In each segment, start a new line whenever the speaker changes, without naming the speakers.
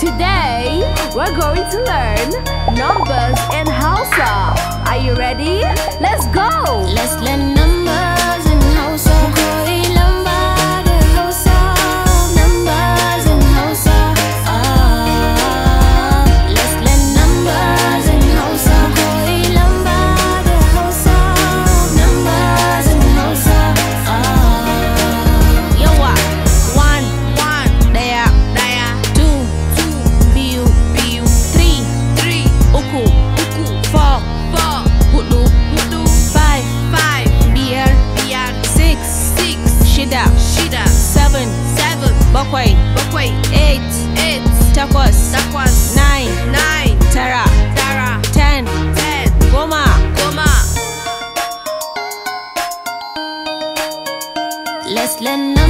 Today, we're going to learn numbers and how Bakwai Bakwai Eight Eight Takwas Takwas Nine Nine Tara Tara Ten. Goma Goma Let's learn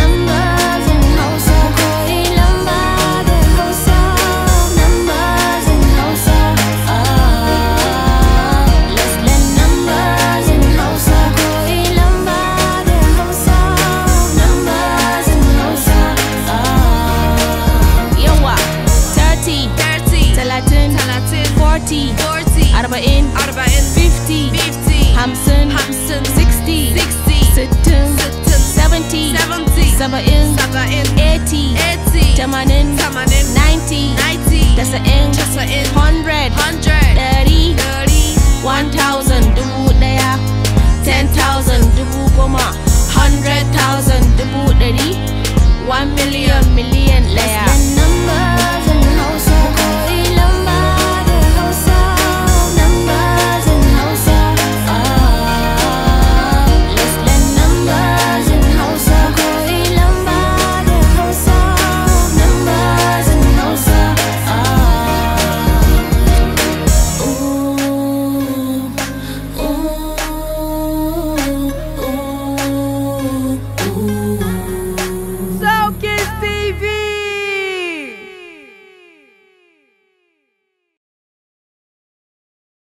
in 80, 80 Tamanin, Tamanin 90, 90 That's the end, just 100